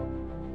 Thank you.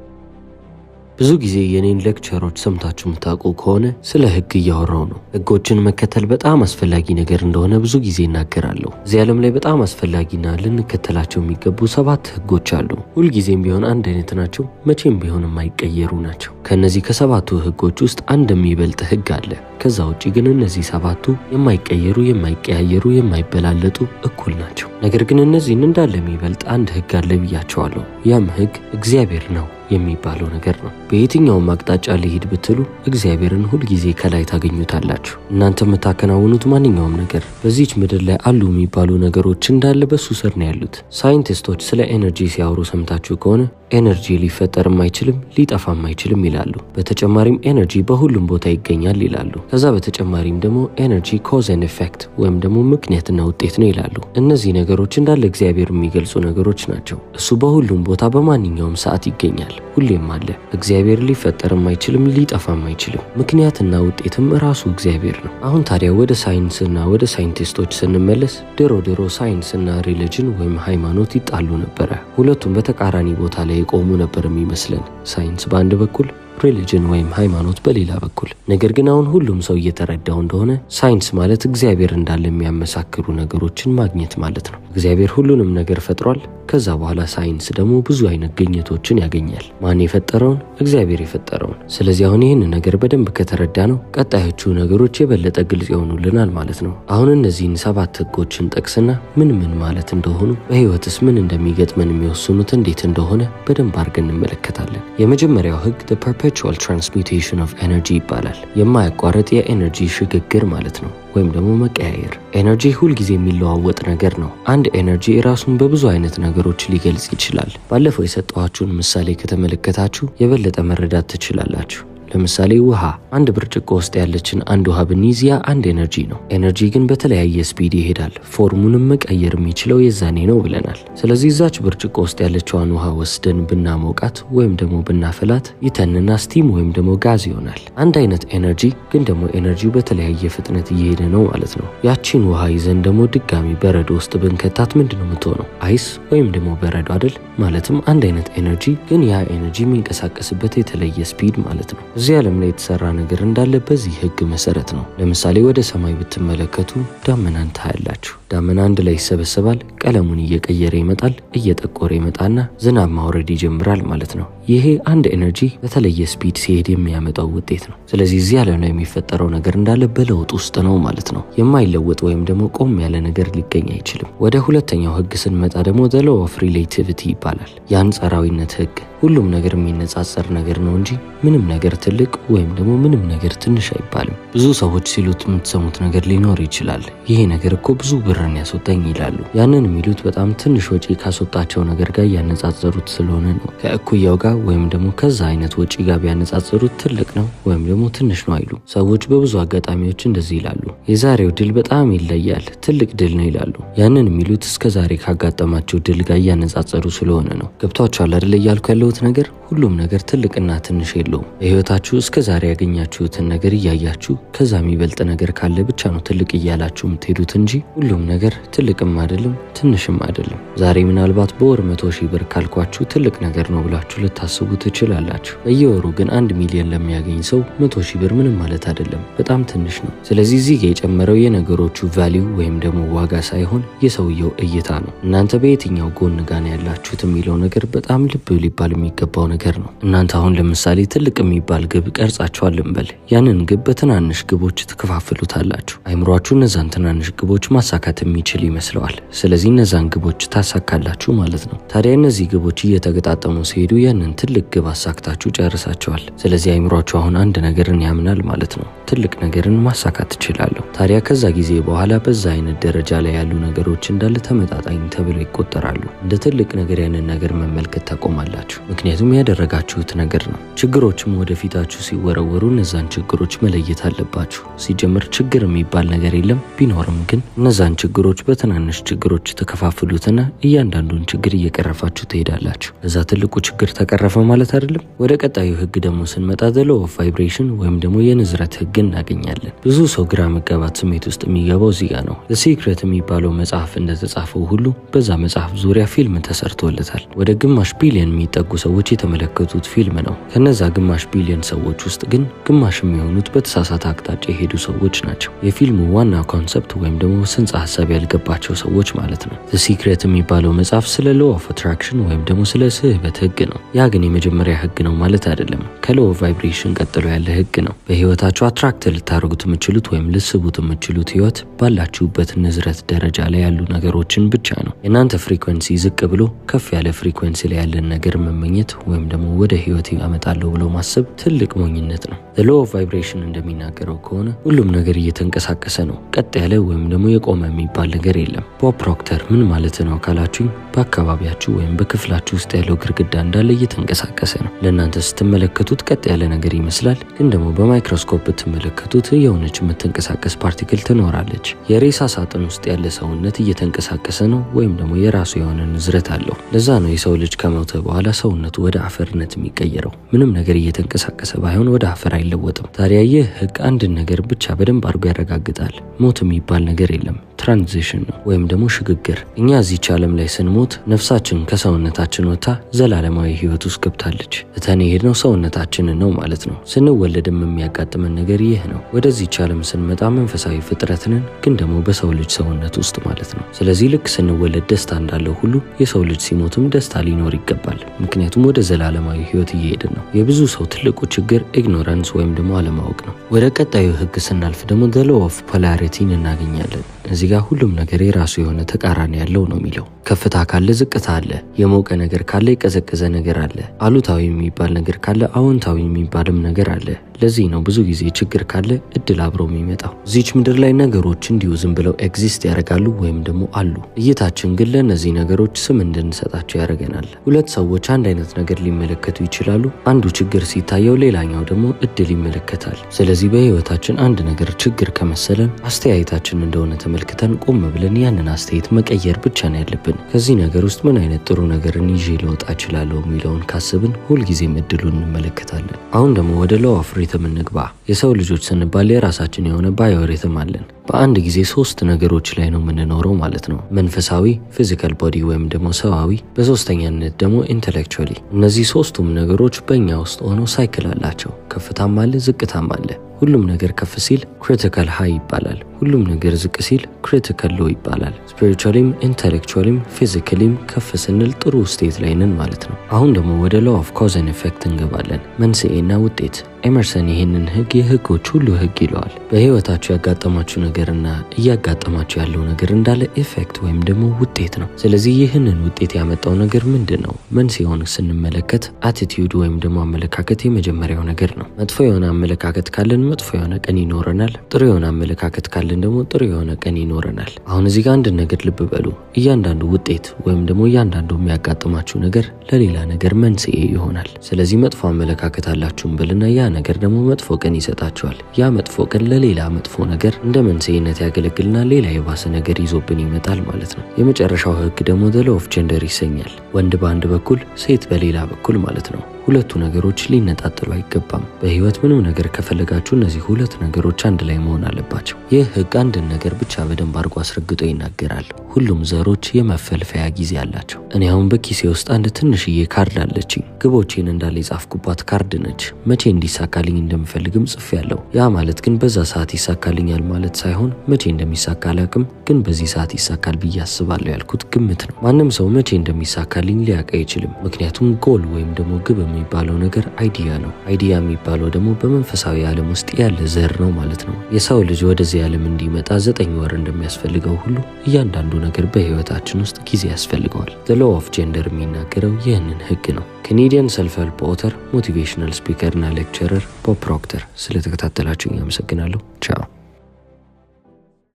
ብዙ ጊዜ የኔን ሌክቸሮች ሰምታችሁ የምታውቁ ከሆነ ስለ ህግ እያወራው ነው። ህጎችን መከተል በጣም አስፈላጊ ነገር እንደሆነ ብዙ ጊዜ እናገራለሁ። እዚህ ዓለም ላይ በጣም አስፈላጊና ልንከተላቸው የሚገቡ ሰባት ህጎች አሉ። ሁልጊዜም ቢሆን አንድ አይነት ናቸው፣ መቼም ቢሆን የማይቀየሩ ናቸው። ከእነዚህ ከሰባቱ ህጎች ውስጥ አንድ የሚበልጥ ህግ አለ። ከዛ ውጭ ግን እነዚህ ሰባቱ የማይቀየሩ፣ የማይቀያየሩ፣ የማይበላለጡ እኩል ናቸው። ነገር ግን እነዚህን እንዳለ የሚበልጥ አንድ ህግ አለ ብያቸዋለሁ። ያም ህግ እግዚአብሔር ነው። የሚባለው ነገር ነው። በየትኛውም አቅጣጫ ሊሄድ ብትሉ እግዚአብሔርን ሁልጊዜ ከላይ ታገኙታላችሁ። እናንተ የምታከናውኑት ማንኛውም ነገር በዚች ምድር ላይ አሉ የሚባሉ ነገሮች እንዳለ በሱ ስር ነው ያሉት። ሳይንቲስቶች ስለ ኤነርጂ ሲያወሩ ሰምታችሁ ከሆነ ኤነርጂ ሊፈጠርም አይችልም ሊጠፋም አይችልም ይላሉ። በተጨማሪም ኤነርጂ በሁሉም ቦታ ይገኛል ይላሉ። ከዛ በተጨማሪም ደግሞ ኤነርጂ ኮዝ ኤን ኤፌክት ወይም ደግሞ ምክንያትና ውጤት ነው ይላሉ። እነዚህ ነገሮች እንዳለ እግዚአብሔር የሚገልጹ ነገሮች ናቸው። እሱ በሁሉም ቦታ በማንኛውም ሰዓት ይገኛል፣ ሁሌም አለ። እግዚአብሔር ሊፈጠርም አይችልም ሊጠፋም አይችልም። ምክንያትና ውጤትም ራሱ እግዚአብሔር ነው። አሁን ታዲያ ወደ ሳይንስና ወደ ሳይንቲስቶች ስንመለስ ድሮ ድሮ ሳይንስና ሪሊጅን ወይም ሃይማኖት ይጣሉ ነበረ። ሁለቱም በተቃራኒ ቦታ ላይ የቆሙ ነበር የሚመስለን። ሳይንስ በአንድ በኩል ሪሊጅን ወይም ሃይማኖት በሌላ በኩል። ነገር ግን አሁን ሁሉም ሰው እየተረዳው እንደሆነ ሳይንስ ማለት እግዚአብሔር እንዳለ የሚያመሳክሩ ነገሮችን ማግኘት ማለት ነው። እግዚአብሔር ሁሉንም ነገር ፈጥሯል። ከዛ በኋላ ሳይንስ ደግሞ ብዙ አይነት ግኝቶችን ያገኛል። ማን የፈጠረውን? እግዚአብሔር የፈጠረውን። ስለዚህ አሁን ይህን ነገር በደንብ ከተረዳ ነው ቀጣዮቹ ነገሮች የበለጠ ግልጽ ይሆኑልናል ማለት ነው። አሁን እነዚህን ሰባት ህጎችን ጠቅስና ምን ምን ማለት እንደሆኑ በህይወትስ ምን እንደሚገጥመን የሚወስኑት እንዴት እንደሆነ በደንብ አድርገን እንመለከታለን። የመጀመሪያው ህግ ፐርፔቹዋል ትራንስሚቴሽን ኦፍ ኤነርጂ ይባላል። የማያቋርጥ የኤነርጂ ሽግግር ማለት ነው፣ ወይም ደግሞ መቀያየር። ኤነርጂ ሁልጊዜ የሚለዋወጥ ነገር ነው። አንድ ኤነርጂ ራሱን በብዙ አይነት ነገሮች ሊገልጽ ይችላል። ባለፈው የሰጠኋችሁን ምሳሌ ከተመለከታችሁ የበለጠ መረዳት ትችላላችሁ። ለምሳሌ ውሃ አንድ ብርጭቆ ውስጥ ያለችን አንድ ውሃ ብንይዝ ያ አንድ ኤነርጂ ነው። ኤነርጂ ግን በተለያየ ስፒድ ይሄዳል። ፎርሙንም መቀየር የሚችለው የዛኔ ነው ብለናል። ስለዚህ እዛች ብርጭቆ ውስጥ ያለችዋን ውሃ ወስደን ብናሞቃት ወይም ደግሞ ብናፈላት ይተንና ስቲም ወይም ደግሞ ጋዝ ይሆናል። አንድ አይነት ኤነርጂ ግን ደግሞ ኤነርጂው በተለያየ ፍጥነት እየሄደ ነው ማለት ነው። ያቺን ውሃ ይዘን ደግሞ ድጋሚ በረዶ ውስጥ ብንከታት ምንድን ነው የምትሆነው? አይስ ወይም ደግሞ በረዶ አይደል? ማለትም አንድ አይነት ኤነርጂ ግን ያ ኤነርጂ የሚንቀሳቀስበት የተለየ ስፒድ ማለት ነው። እዚህ ዓለም ላይ የተሰራ ነገር እንዳለ በዚህ ህግ መሰረት ነው። ለምሳሌ ወደ ሰማይ ብትመለከቱ ዳመናን ታያላችሁ። ዳመና አንድ ላይ ይሰበሰባል፣ ቀለሙን እየቀየረ ይመጣል፣ እየጠቆረ ይመጣና ዝናብ ማውረድ ይጀምራል ማለት ነው። ይሄ አንድ ኤነርጂ በተለየ ስፒድ ሲሄድ የሚያመጣው ውጤት ነው። ስለዚህ እዚህ ዓለም ላይ የሚፈጠረው ነገር እንዳለ በለውጥ ውስጥ ነው ማለት ነው። የማይለወጥ ወይም ደግሞ ቆም ያለ ነገር ሊገኝ አይችልም። ወደ ሁለተኛው ህግ ስንመጣ ደግሞ ዘ ሎው ኦፍ ሪሌቲቪቲ ይባላል። የአንጻራዊነት ህግ ሁሉም ነገር የሚነጻጸር ነገር ነው እንጂ ምንም ነገር ትልቅ ወይም ደግሞ ምንም ነገር ትንሽ አይባልም። ብዙ ሰዎች ሲሉት የምትሰሙት ነገር ሊኖር ይችላል። ይሄ ነገር እኮ ብዙ ብርን ያስወጣኝ ይላሉ። ያንን የሚሉት በጣም ትንሽ ወጪ ካስወጣቸው ነገር ጋር ያነጻጸሩት ስለሆነ ነው። ከእኩያው ጋር ወይም ደግሞ ከዛ አይነት ወጪ ጋር ቢያነጻጸሩት ትልቅ ነው ወይም ደግሞ ትንሽ ነው አይሉ። ሰዎች በብዙ አጋጣሚዎች እንደዚህ ይላሉ። የዛሬው ድል በጣም ይለያል፣ ትልቅ ድል ነው ይላሉ። ያንን የሚሉት እስከ ዛሬ ካጋጠማቸው ድል ጋር እያነጻጸሩ ስለሆነ ነው። ገብቷችኋል አይደል? እያልኩ ያለሁት ነገር ሁሉም ነገር ትልቅና ትንሽ የለውም። ሰርታችሁ እስከ ዛሬ ያገኛችሁትን ነገር እያያችሁ ከዛ የሚበልጥ ነገር ካለ ብቻ ነው ትልቅ እያላችሁ የምትሄዱት እንጂ ሁሉም ነገር ትልቅም አይደለም ትንሽም አይደለም። ዛሬ ምናልባት በወር መቶ ሺህ ብር ካልኳችሁ ትልቅ ነገር ነው ብላችሁ ልታስቡ ትችላላችሁ። በየወሩ ግን አንድ ሚሊዮን ለሚያገኝ ሰው መቶ ሺህ ብር ምንም ማለት አይደለም፣ በጣም ትንሽ ነው። ስለዚህ እዚህ ጋር የጨመረው የነገሮቹ ቫሊዩ ወይም ደግሞ ዋጋ ሳይሆን የሰውየው እይታ ነው። እናንተ በየትኛው ጎን ጋና ያላችሁት የሚለው ነገር በጣም ልብ ሊባል የሚገባው ነገር ነው። እናንተ አሁን ለምሳሌ ትልቅ የሚባል የሚባል ግብ ቀርጻችኋል እንበል። ያንን ግብ በትናንሽ ግቦች ትከፋፍሉታላችሁ። አይምሯችሁ እነዛን ትናንሽ ግቦች ማሳካት የሚችል ይመስለዋል። ስለዚህ እነዛን ግቦች ታሳካላችሁ ማለት ነው። ታዲያ እነዚህ ግቦች እየተገጣጠሙ ሲሄዱ ያንን ትልቅ ግብ አሳክታችሁ ጨርሳችኋል። ስለዚህ አይምሯችሁ አሁን አንድ ነገርን ያምናል ማለት ነው። ትልቅ ነገርን ማሳካት ትችላለሁ። ታዲያ ከዛ ጊዜ በኋላ በዛ አይነት ደረጃ ላይ ያሉ ነገሮች እንዳለ ተመጣጣኝ ተብለው ይቆጠራሉ። እንደ ትልቅ ነገር ያንን ነገር መመልከት ታቆማላችሁ። ምክንያቱም ያደረጋችሁት ነገር ነው። ችግሮችም ወደፊት ፊታችሁ ሲወረወሩ እነዛን ችግሮች መለየት አለባችሁ። ሲጀምር ችግር የሚባል ነገር የለም። ቢኖርም ግን እነዛን ችግሮች በትናንሽ ችግሮች ተከፋፍሉትና እያንዳንዱን ችግር እየቀረፋችሁ ትሄዳላችሁ። እዛ ትልቁ ችግር ተቀረፈ ማለት አይደለም። ወደ ቀጣዩ ህግ ደግሞ ስንመጣ ዘ ሎው ኦፍ ቫይብሬሽን ወይም ደግሞ የንዝረት ህግ እናገኛለን። ብዙ ሰው ግራ መጋባት ስሜት ውስጥ የሚገባው ዚጋ ነው። ሲክሬት የሚባለው መጽሐፍ እንደተጻፈው ሁሉ በዛ መጽሐፍ ዙሪያ ፊልም ተሰርቶለታል። ወደ ግማሽ ቢሊዮን የሚጠጉ ሰዎች የተመለከቱት ፊልም ነው። ከነዛ ግማሽ ቢሊዮን ሰዎች ውስጥ ግን ግማሽ የሚሆኑት በተሳሳተ አቅጣጫ የሄዱ ሰዎች ናቸው። የፊልሙ ዋና ኮንሰፕት ወይም ደግሞ ስንጻ ሀሳብ ያልገባቸው ሰዎች ማለት ነው። ሲክሬት የሚባለው መጽሐፍ ስለ ሎ ኦፍ አትራክሽን ወይም ደግሞ ስለ ስህበት ህግ ነው። ያ ግን የመጀመሪያ ህግ ነው ማለት አይደለም። ከሎ ቫይብሬሽን ቀጥሎ ያለ ህግ ነው። በህይወታችሁ አትራክት ልታደርጉት የምችሉት ወይም ልስቡት የምችሉት ህይወት ባላችሁበት ንዝረት ደረጃ ላይ ያሉ ነገሮችን ብቻ ነው። የእናንተ ፍሪኩንሲ ዝቅ ብሎ ከፍ ያለ ፍሪኩንሲ ላይ ያለን ነገር መመኘት ወይም ደግሞ ወደ ህይወት ያመጣለሁ ብሎ ማሰብ ትል ትልቅ ሞኝነት ነው። ሎ ኦፍ ቫይብሬሽን እንደሚናገረው ከሆነ ሁሉም ነገር እየተንቀሳቀሰ ነው። ቀጥ ያለ ወይም ደግሞ የቆመ የሚባል ነገር የለም። ቦብ ፕሮክተር ምን ማለት ነው ካላችሁኝ፣ በአካባቢያችሁ ወይም በክፍላችሁ ውስጥ ያለው ግድግዳ እንዳለ እየተንቀሳቀሰ ነው። ለእናንተ ስትመለከቱት ቀጥ ያለ ነገር ይመስላል፣ ግን ደግሞ በማይክሮስኮፕ ብትመለከቱት የሆነች የምትንቀሳቀስ ፓርቲክል ትኖራለች። የሬሳ ሳጥን ውስጥ ያለ ሰውነት እየተንቀሳቀሰ ነው፣ ወይም ደግሞ የራሱ የሆነ ንዝረት አለው። ለዛ ነው የሰው ልጅ ከሞተ በኋላ ሰውነቱ ወደ አፈርነት የሚቀየረው። ምንም ነገር እየተንቀሳቀሰ ከሰ ባይሆን ወደ አፈር አይለወጥም። ታዲያ ይህ ህግ አንድን ነገር ብቻ በደንብ አድርጎ ያረጋግጣል። ሞት የሚባል ነገር የለም። ትራንዚሽን ነው ወይም ደግሞ ሽግግር። እኛ እዚች ዓለም ላይ ስንሞት ነፍሳችን ከሰውነታችን ወጥታ ዘላለማዊ ህይወት ውስጥ ገብታለች። እተን የሄድነው ሰውነታችንን ነው ማለት ነው። ስንወለድም የሚያጋጥመን ነገር ይህ ነው። ወደዚች ዓለም ስንመጣ መንፈሳዊ ፍጥረትንን ግን ደግሞ በሰው ልጅ ሰውነት ውስጥ ማለት ነው። ስለዚህ ልክ ስንወለድ ደስታ እንዳለው ሁሉ የሰው ልጅ ሲሞትም ደስታ ሊኖር ይገባል። ምክንያቱም ወደ ዘላለማዊ ህይወት እየሄድን ነው። የብዙ ሰው ትልቁ ችግር ኢግኖራንስ ወይም ደግሞ አለማወቅ ነው። ወደ ቀጣዩ ህግ ስናልፍ ደግሞ ዘ ሎ ኦፍ ፖላሪቲን እናገኛለን። እዚህ ጋር ሁሉም ነገር የራሱ የሆነ ተቃራኒ ያለው ነው የሚለው ከፍታ ካለ ዝቅታ አለ፣ የሞቀ ነገር ካለ የቀዘቀዘ ነገር አለ፣ አሉታዊ የሚባል ነገር ካለ አዎንታዊ የሚባልም ነገር አለ። ለዚህ ነው ብዙ ጊዜ ችግር ካለ እድል አብሮ የሚመጣው። እዚች ምድር ላይ ነገሮች እንዲሁ ዝም ብለው ኤግዚስት ያደርጋሉ ወይም ደግሞ አሉ። እይታችን ግን ለእነዚህ ነገሮች ስም እንድንሰጣቸው ያደርገናል። ሁለት ሰዎች አንድ አይነት ነገር ሊመለከቱ ይችላሉ። አንዱ ችግር ሲታየው ሲለው ሌላኛው ደግሞ እድል ይመለከታል። ስለዚህ በህይወታችን አንድ ነገር ችግር ከመሰለን አስተያየታችን እንደሆነ ተመልክተን ቆም ብለን ያንን አስተያየት መቀየር ብቻ ነው ያለብን። ከዚህ ነገር ውስጥ ምን አይነት ጥሩ ነገርን ይዤ ልወጣ እችላለሁ የሚለውን ካስብን ሁልጊዜም እድሉን እንመለከታለን። አሁን ደግሞ ወደ ሎው ኦፍ ሪትም እንግባ። የሰው ልጆች ስንባል የራሳችን የሆነ ባዮሪትም አለን። በአንድ ጊዜ ሶስት ነገሮች ላይ ነው የምንኖረው ማለት ነው። መንፈሳዊ ፊዚካል ቦዲ ወይም ደግሞ ሰብአዊ፣ በሶስተኛነት ደግሞ ኢንቴሌክቹዋሊ። እነዚህ ሶስቱም ነገሮች በእኛ ውስጥ ሆነው ሳይክል አላቸው። ከፍታም አለ፣ ዝቅታም አለ። ሁሉም ነገር ከፍ ሲል ክሪቲካል ሃይ ይባላል። ሁሉም ነገር ዝቅ ሲል ክሪቲካል ሎ ይባላል። ስፒሪቹዋሊም ኢንተሌክቹዋሊም ፊዚካሊም ከፍ ስንል ጥሩ ስቴት ላይ ነን ማለት ነው። አሁን ደግሞ ወደ ሎ ኦፍ ኮዘን ኢፌክት እንገባለን። መንስኤና ውጤት ኤመርሰን ይህንን ህግ የህጎች ሁሉ ህግ ይለዋል። በህይወታችሁ ያጋጠማችሁ ነገርና እያጋጠማችሁ ያለው ነገር እንዳለ ኢፌክት ወይም ደግሞ ውጤት ነው። ስለዚህ ይህንን ውጤት ያመጣው ነገር ምንድን ነው? መንስኤውን ስንመለከት አቲቲዩድ ወይም ደግሞ አመለካከት የመጀመሪያው ነገር ነው። መጥፎ የሆነ አመለካከት ካለን መጥፎ የሆነ ቀን ይኖረናል። ጥሩ የሆነ አመለካከት ካለን ደግሞ ጥሩ የሆነ ቀን ይኖረናል። አሁን እዚህ ጋር አንድ ነገር ልብ በሉ። እያንዳንዱ ውጤት ወይም ደግሞ እያንዳንዱ የሚያጋጥማችሁ ነገር ለሌላ ነገር መንስኤ ይሆናል። ስለዚህ መጥፎ አመለካከት አላችሁም ብልና ያ ነገር ደግሞ መጥፎ ቀን ይሰጣችኋል። ያ መጥፎ ቀን ለሌላ መጥፎ ነገር እንደ መንስኤነት ያገለግልና ሌላ የባሰ ነገር ይዞብን ይመጣል ማለት ነው። የመጨረሻው ህግ ደግሞ ዘ ሎው ኦፍ ጀንደር ይሰኛል። ወንድ በአንድ በኩል ሴት በሌላ በኩል ማለት ነው። ሁለቱ ነገሮች ሊነጣጥሉ አይገባም። በህይወት ምንም ነገር ከፈለጋችሁ እነዚህ ሁለት ነገሮች አንድ ላይ መሆን አለባቸው። ይህ ህግ አንድን ነገር ብቻ በደንብ አድርጎ አስረግጦ ይናገራል። ሁሉም ዘሮች የመፈልፈያ ጊዜ አላቸው። እኔ አሁን በኪሴ ውስጥ አንድ ትንሽዬ ካርድ አለችኝ። ግቦቼን እንዳለ የጻፍኩባት ካርድ ነች። መቼ እንዲሳካልኝ እንደምፈልግም ጽፍ ያለው። ያ ማለት ግን በዛ ሰዓት ይሳካልኛል ማለት ሳይሆን መቼ እንደሚሳካ አላቅም፣ ግን በዚህ ሰዓት ይሳካል ብዬ አስባለሁ ያልኩት ግምት ነው። ማንም ሰው መቼ እንደሚሳካልኝ ሊያውቅ አይችልም። ምክንያቱም ጎል ወይም ደግሞ ግብ የሚባለው ነገር አይዲያ ነው። አይዲያ የሚባለው ደግሞ በመንፈሳዊ ዓለም ውስጥ ያለ ዘር ነው ማለት ነው። የሰው ልጅ ወደዚህ ዓለም እንዲመጣ ዘጠኝ ወር እንደሚያስፈልገው ሁሉ እያንዳንዱ ነገር በህይወታችን ውስጥ ጊዜ ያስፈልገዋል። ዘ ሎው ኦፍ ጀንደር የሚናገረው ይህንን ህግ ነው። ኬኔዲያን ሰልፍ ሄልፕ ኦተር፣ ሞቲቬሽናል ስፒከርና ሌክቸረር ቦብ ፕሮክተር። ስለተከታተላችሁ አመሰግናለሁ። ቻው